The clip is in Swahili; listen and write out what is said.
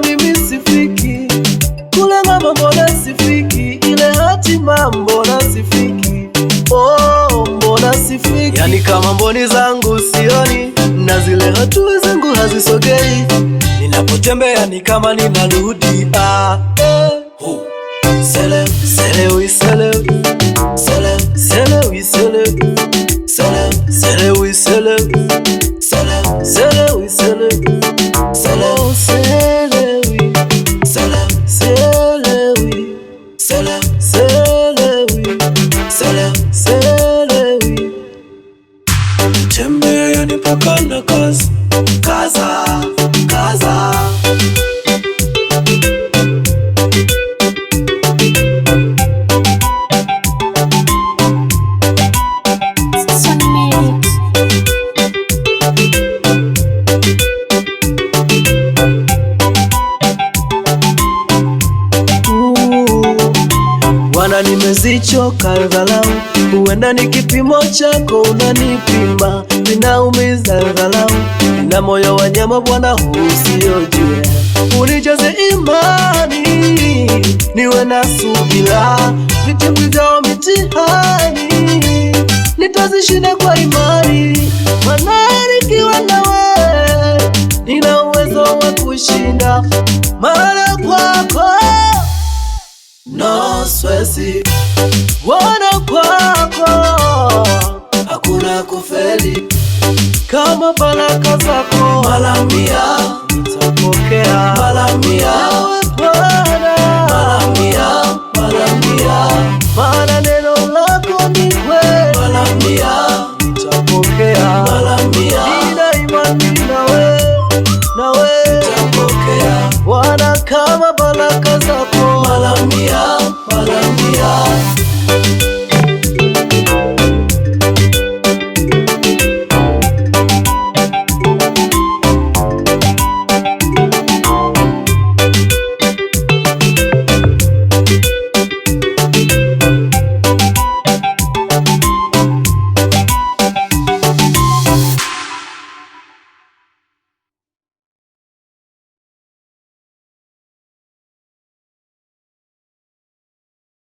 mimi sifiki kule ng'ambo, mbona sifiki ile hatima, mbona sifiki oh, mbona sifiki? Yani kama mboni zangu sioni na zile hatua zangu hazisogei, ninapotembea ni kama ninarudi ah, eh. selewi. Tembea yani mpaka na kazi, kaza kaza Nimezichoka dharau huenda ni kipimo chako unanipima, ninaumiza dharau na moyo wa nyama bwana, usiojua unijaze imani, niwe na subira, viti vijao mitihani nitazishinda kwa imani, maana nikiwa nawe nina uwezo wa kushinda mara kwako, no Wana na kufeli. Kama baraka zako, Malamia nitapokea Malamia